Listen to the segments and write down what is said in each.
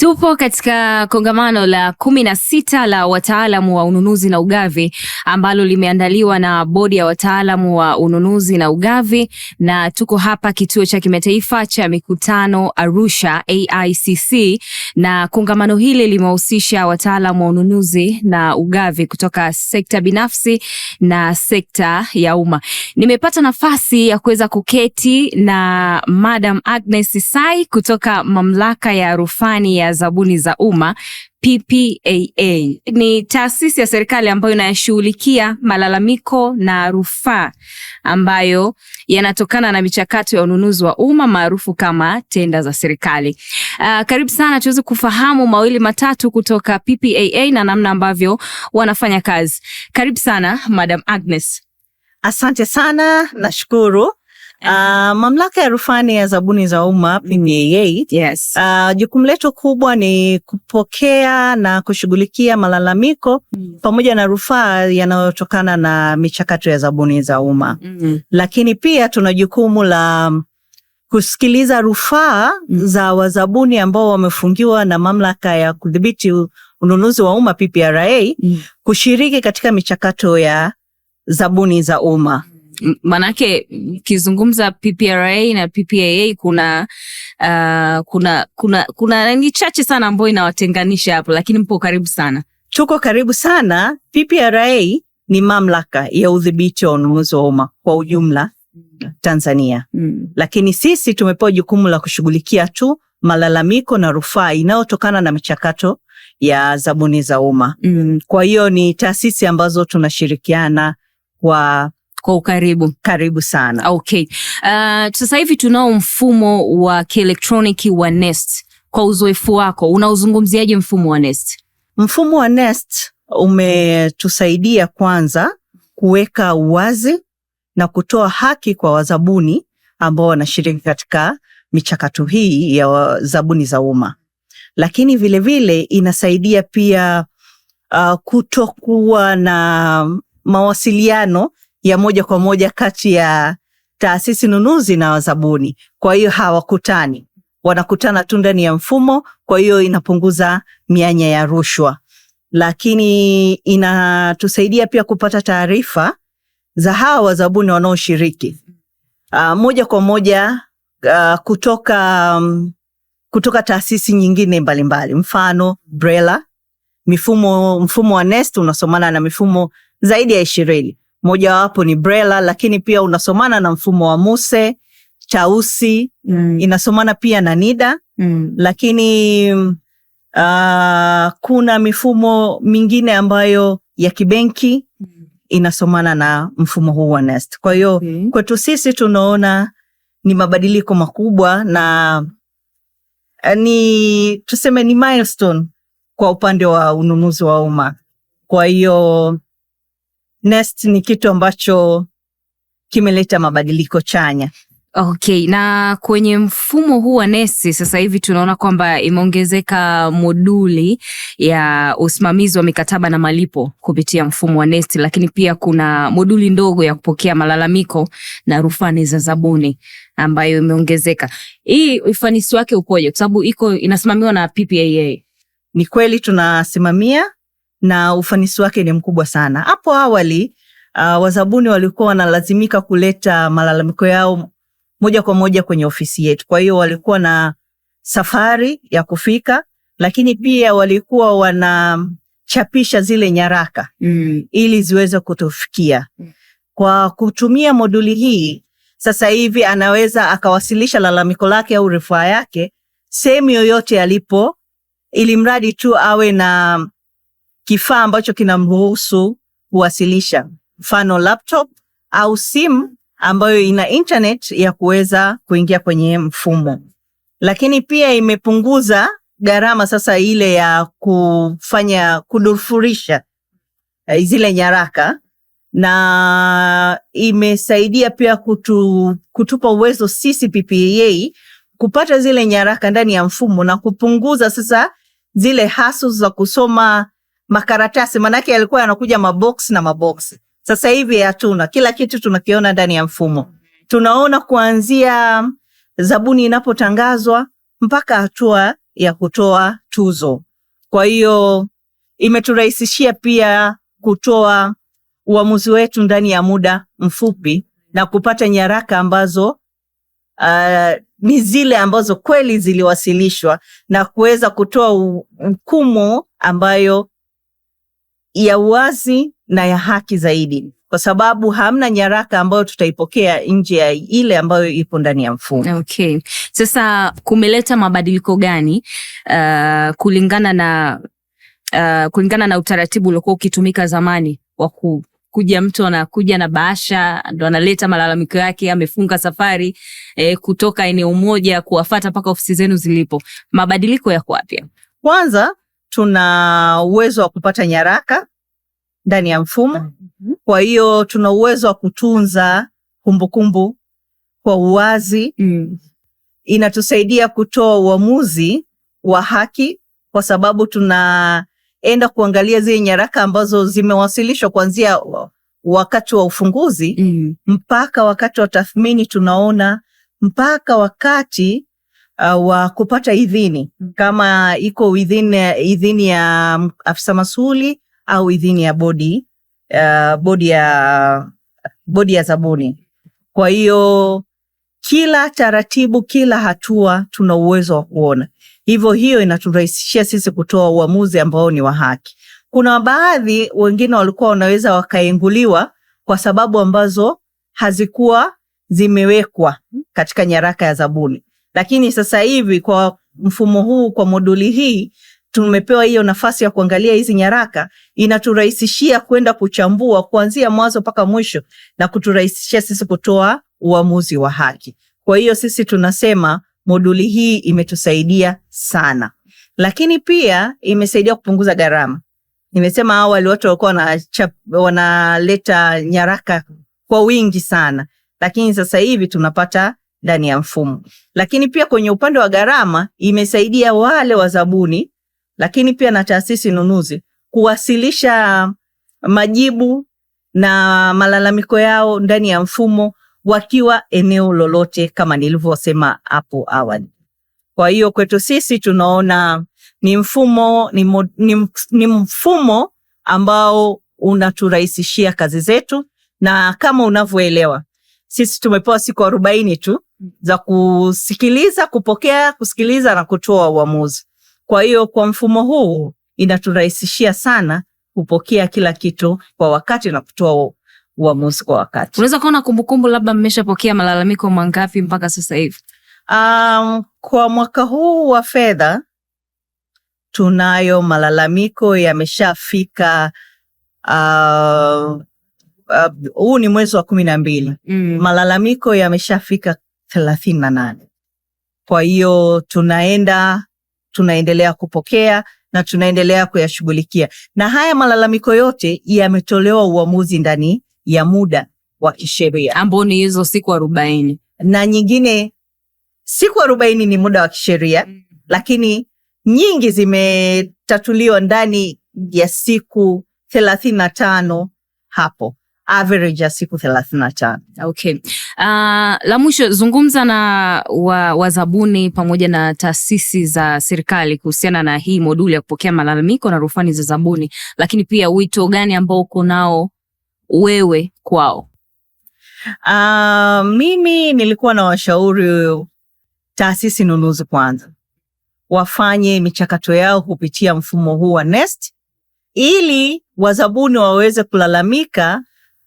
Tupo katika kongamano la kumi na sita la wataalamu wa ununuzi na ugavi ambalo limeandaliwa na bodi ya wataalamu wa ununuzi na ugavi, na tuko hapa kituo cha kimataifa cha mikutano Arusha AICC, na kongamano hili limewahusisha wataalamu wa ununuzi na ugavi kutoka sekta binafsi na sekta ya umma. Nimepata nafasi ya kuweza kuketi na Madam Agnes Sai kutoka mamlaka ya rufani ya zabuni za umma PPAA ni taasisi ya serikali ambayo inayashughulikia malalamiko na rufaa ambayo yanatokana na michakato ya ununuzi wa umma maarufu kama tenda za serikali. Uh, karibu sana tuweze kufahamu mawili matatu kutoka PPAA na namna ambavyo wanafanya kazi. Karibu sana Madam Agnes. Asante sana, nashukuru. Uh, mamlaka ya rufani ya zabuni za umma PPAA, yes. Uh, jukumu letu kubwa ni kupokea na kushughulikia malalamiko mm. pamoja na rufaa yanayotokana na michakato ya zabuni za umma mm. Lakini pia tuna jukumu la kusikiliza rufaa mm. za wazabuni ambao wamefungiwa na mamlaka ya kudhibiti ununuzi wa umma PPRA mm. kushiriki katika michakato ya zabuni za umma manake ukizungumza PPRA na PPAA kuna uh, kuna kuna kuna ni chache sana ambayo inawatenganisha hapo, lakini mpo karibu sana. Tuko karibu sana. PPRA ni mamlaka ya udhibiti wa ununuzi wa umma kwa ujumla Tanzania mm. Lakini sisi tumepewa jukumu la kushughulikia tu malalamiko na rufaa inayotokana na michakato ya zabuni za umma mm. Kwa hiyo ni taasisi ambazo tunashirikiana kwa kwa ukaribu. Karibu sana. Okay. Uh, sasa hivi tunao mfumo wa kielektroniki wa Nest. Kwa uzoefu wako unauzungumziaje mfumo wa Nest? Mfumo wa Nest umetusaidia kwanza kuweka uwazi na kutoa haki kwa wazabuni ambao wanashiriki katika michakato hii ya zabuni za umma, lakini vilevile vile inasaidia pia uh, kutokuwa na mawasiliano ya moja kwa moja kati ya taasisi nunuzi na wazabuni. Kwa hiyo hawakutani, wanakutana tu ndani ya mfumo. Kwa hiyo inapunguza mianya ya rushwa, lakini inatusaidia pia kupata taarifa za hawa wazabuni wanaoshiriki uh, moja kwa moja uh, kutoka um, kutoka taasisi nyingine mbalimbali mbali. Mfano Brela, mifumo mfumo wa Nest unasomana na mifumo zaidi ya ishirini mojawapo ni Brela, lakini pia unasomana na mfumo wa Muse Chausi, mm. inasomana pia na NIDA mm. lakini uh, kuna mifumo mingine ambayo ya kibenki mm. inasomana na mfumo huu wa NeST. Kwa hiyo okay. kwetu sisi tunaona ni mabadiliko makubwa na eh, ni tuseme ni milestone kwa upande wa ununuzi wa umma. Kwa hiyo NEST ni kitu ambacho kimeleta mabadiliko chanya. Okay, na kwenye mfumo huu wa nesti sasa hivi tunaona kwamba imeongezeka moduli ya usimamizi wa mikataba na malipo kupitia mfumo wa nesti lakini pia kuna moduli ndogo ya kupokea malalamiko na rufani za zabuni ambayo imeongezeka. Hii ufanisi wake ukoje? Kwa sababu iko inasimamiwa na PPAA. Ni kweli tunasimamia na ufanisi wake ni mkubwa sana. Hapo awali uh, wazabuni walikuwa wanalazimika kuleta malalamiko yao moja kwa moja kwenye ofisi yetu, kwa hiyo walikuwa na safari ya kufika, lakini pia walikuwa wanachapisha zile nyaraka mm. ili ziweze kutufikia. Mm. Kwa kutumia moduli hii sasa hivi anaweza akawasilisha lalamiko lake au rufaa yake sehemu yoyote alipo, ili mradi tu awe na kifaa ambacho kinamruhusu kuwasilisha, mfano laptop au simu ambayo ina internet ya kuweza kuingia kwenye mfumo. Lakini pia imepunguza gharama sasa ile ya kufanya kudurfurisha eh, zile nyaraka na imesaidia pia kutu, kutupa uwezo sisi PPAA kupata zile nyaraka ndani ya mfumo na kupunguza sasa zile hasu za kusoma makaratasi, maanake yalikuwa yanakuja maboksi na maboksi. Sasa hivi hatuna, kila kitu tunakiona ndani ya mfumo. Tunaona kuanzia zabuni inapotangazwa mpaka hatua ya kutoa tuzo. Kwa hiyo imeturahisishia pia kutoa uamuzi wetu ndani ya muda mfupi na kupata nyaraka ambazo uh, ni zile ambazo kweli ziliwasilishwa na kuweza kutoa hukumu ambayo ya uwazi na ya haki zaidi, kwa sababu hamna nyaraka ambayo tutaipokea nje ya ile ambayo ipo ndani ya mfumo. Okay, sasa kumeleta mabadiliko gani uh, kulingana na uh, kulingana na utaratibu uliokuwa ukitumika zamani wa kuja mtu anakuja na bahasha ndo analeta malalamiko yake, amefunga safari e, kutoka eneo moja kuwafata mpaka ofisi zenu zilipo. Mabadiliko yako wapi? Kwanza tuna uwezo wa kupata nyaraka ndani ya mfumo. Mm-hmm. Kwa hiyo tuna uwezo wa kutunza kumbukumbu kwa uwazi mm. Inatusaidia kutoa uamuzi wa haki, kwa sababu tunaenda kuangalia zile nyaraka ambazo zimewasilishwa kuanzia wakati wa ufunguzi mm. mpaka wakati wa tathmini, tunaona mpaka wakati uh, wa kupata idhini mm. kama iko idhini ya um, afisa masuli au idhini ya bodi uh, bodi ya bodi ya zabuni. Kwa hiyo kila taratibu, kila hatua tuna uwezo wa kuona hivyo, hiyo inaturahisishia sisi kutoa uamuzi ambao ni wa haki. Kuna baadhi wengine walikuwa wanaweza wakaenguliwa kwa sababu ambazo hazikuwa zimewekwa mm. katika nyaraka ya zabuni. Lakini sasa hivi kwa mfumo huu, kwa moduli hii tumepewa hiyo nafasi ya kuangalia hizi nyaraka, inaturahisishia kwenda kuchambua kuanzia mwanzo mpaka mwisho na kuturahisishia sisi kutoa uamuzi wa haki. Kwa hiyo sisi tunasema moduli hii imetusaidia sana, lakini pia imesaidia kupunguza gharama. Nimesema awali watu walikuwa wanaleta nyaraka kwa wingi sana, lakini sasa hivi tunapata ndani ya mfumo. Lakini pia kwenye upande wa gharama imesaidia wale wazabuni, lakini pia na taasisi nunuzi kuwasilisha majibu na malalamiko yao ndani ya mfumo wakiwa eneo lolote kama nilivyosema hapo awali. Kwa hiyo kwetu sisi tunaona ni mfumo, ni, mo, ni, ni mfumo ambao unaturahisishia kazi zetu na kama unavyoelewa sisi tumepewa siku arobaini tu za kusikiliza, kupokea, kusikiliza na kutoa uamuzi. Kwa hiyo kwa mfumo huu inaturahisishia sana kupokea kila kitu kwa wakati na kutoa uamuzi kwa wakati. Unaweza kuona kumbukumbu, labda mmeshapokea malalamiko mangapi mpaka sasa hivi? Um, kwa mwaka huu wa fedha tunayo malalamiko yameshafika uh, Uh, huu uh, ni mwezi wa kumi na mbili mm. Malalamiko yameshafika thelathini na nane. Kwa hiyo tunaenda tunaendelea kupokea na tunaendelea kuyashughulikia, na haya malalamiko yote yametolewa uamuzi ndani ya muda wa kisheria ambao ni hizo siku arobaini na nyingine siku arobaini ni muda wa kisheria mm. Lakini nyingi zimetatuliwa ndani ya siku thelathini na tano hapo average ya siku thelathini na tano. Okay. Uh, la mwisho zungumza na wa, wazabuni pamoja na taasisi za serikali kuhusiana na hii moduli ya kupokea malalamiko na rufani za zabuni, lakini pia wito gani ambao uko nao wewe kwao? Uh, mimi nilikuwa na washauri taasisi nunuzi kwanza wafanye michakato yao kupitia mfumo huu wa NeST ili wazabuni waweze kulalamika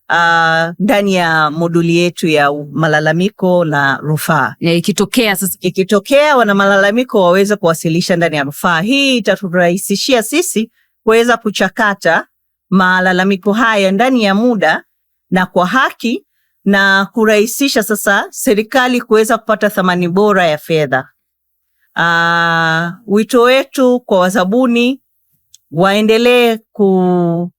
Ah, ndani uh, ya moduli yetu ya malalamiko na rufaa yeah, ikitokea sasa, ikitokea wana malalamiko waweze kuwasilisha ndani ya rufaa. Hii itaturahisishia sisi kuweza kuchakata malalamiko haya ndani ya muda na kwa haki na kurahisisha sasa serikali kuweza kupata thamani bora ya fedha. Uh, wito wetu kwa wazabuni waendelee ku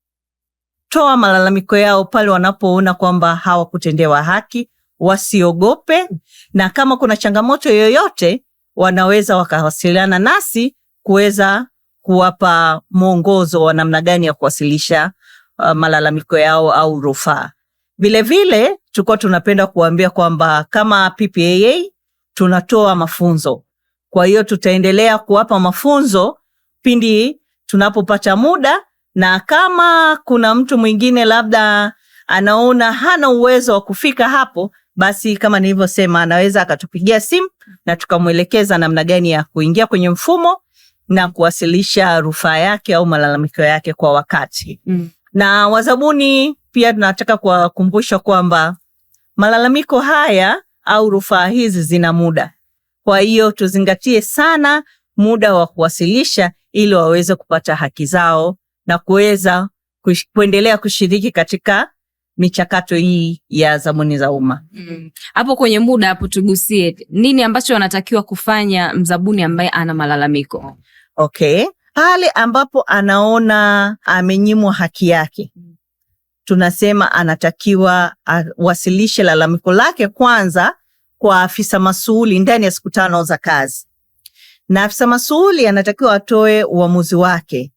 kutoa malalamiko yao pale wanapoona kwamba hawakutendewa haki, wasiogope, na kama kuna changamoto yoyote wanaweza wakawasiliana nasi kuweza kuwapa mwongozo wa namna gani ya kuwasilisha uh, malalamiko yao au rufaa. Vilevile tulikuwa tunapenda kuambia kwamba kama PPAA tunatoa mafunzo, kwa hiyo tutaendelea kuwapa mafunzo pindi tunapopata muda na kama kuna mtu mwingine labda anaona hana uwezo wa kufika hapo, basi kama nilivyosema, anaweza akatupigia simu na tukamwelekeza namna gani ya kuingia kwenye mfumo na kuwasilisha rufaa yake au malalamiko yake kwa wakati mm. Na wazabuni pia tunataka kuwakumbusha kwamba malalamiko haya au rufaa hizi zina muda, kwa hiyo tuzingatie sana muda wa kuwasilisha ili waweze kupata haki zao na kuweza kush, kuendelea kushiriki katika michakato hii ya zabuni za umma mm. hapo. Mm. Kwenye muda hapo tugusie nini ambacho anatakiwa kufanya mzabuni ambaye ana malalamiko? Okay, pale ambapo anaona amenyimwa haki yake, mm. tunasema anatakiwa awasilishe lalamiko lake kwanza kwa afisa masuuli ndani ya siku tano za kazi, na afisa masuuli anatakiwa atoe uamuzi wake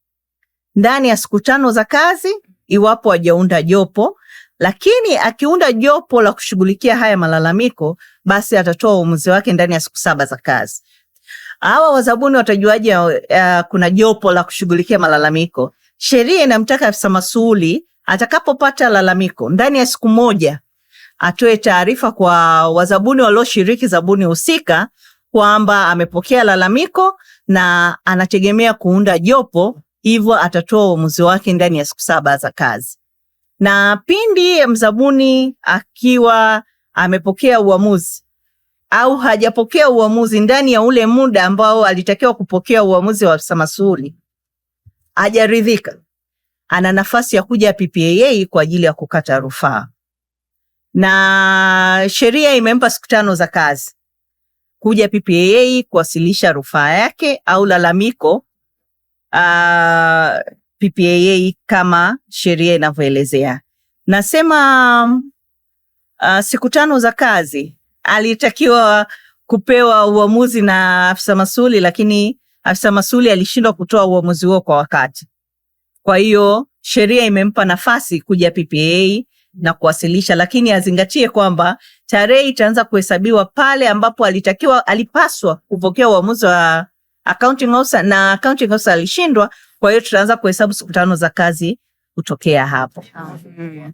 ndani ya siku tano za kazi iwapo hajaunda jopo, lakini akiunda jopo la kushughulikia haya malalamiko, basi atatoa uamuzi wake ndani ya siku saba za kazi. Hawa wazabuni watajuaje uh, kuna jopo la kushughulikia malalamiko? Sheria inamtaka afisa masuuli atakapopata lalamiko ndani ya siku moja atoe taarifa kwa wazabuni walioshiriki zabuni husika kwamba amepokea lalamiko na anategemea kuunda jopo hivyo atatoa uamuzi wake ndani ya siku saba za kazi. Na pindi mzabuni akiwa amepokea uamuzi au hajapokea uamuzi ndani ya ule muda ambao alitakiwa kupokea uamuzi wa afisa masuuli, hajaridhika, ana nafasi ya kuja PPAA kwa ajili ya kukata rufaa, na sheria imempa siku tano za kazi kuja PPAA kuwasilisha rufaa yake au lalamiko uh, ah, PPAA kama sheria inavyoelezea. Nasema uh, siku tano za kazi alitakiwa kupewa uamuzi na afisa masuli, lakini afisa masuli alishindwa kutoa uamuzi huo kwa wakati. Kwa hiyo sheria imempa nafasi kuja PPAA na kuwasilisha, lakini azingatie kwamba tarehe itaanza kuhesabiwa pale ambapo alitakiwa, alipaswa kupokea uamuzi wa Accounting Officer na Accounting Officer alishindwa, kwa hiyo tutaanza kuhesabu siku tano za kazi kutokea hapo. Mm.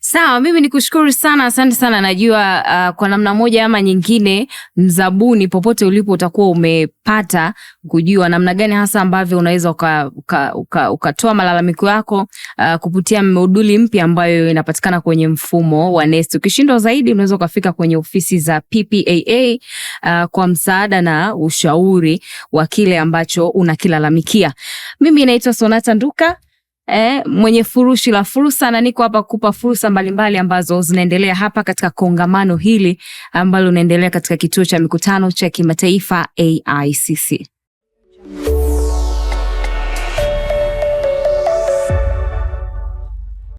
Sawa, mimi nikushukuru sana, asante sana. Najua uh, kwa namna moja ama nyingine, mzabuni, popote ulipo, utakuwa umepata kujua namna gani hasa ambavyo unaweza ukatoa uka, uka, uka malalamiko yako uh, kupitia moduli mpya ambayo inapatikana kwenye mfumo wa NeST. Ukishindwa zaidi, unaweza ukafika kwenye ofisi za PPAA uh, kwa msaada na ushauri wa kile ambacho unakilalamikia. Mimi naitwa Sonata Nduka eh, mwenye furushi la fursa, na niko hapa kukupa fursa mbalimbali ambazo zinaendelea hapa katika kongamano hili ambalo unaendelea katika kituo cha mikutano cha kimataifa AICC.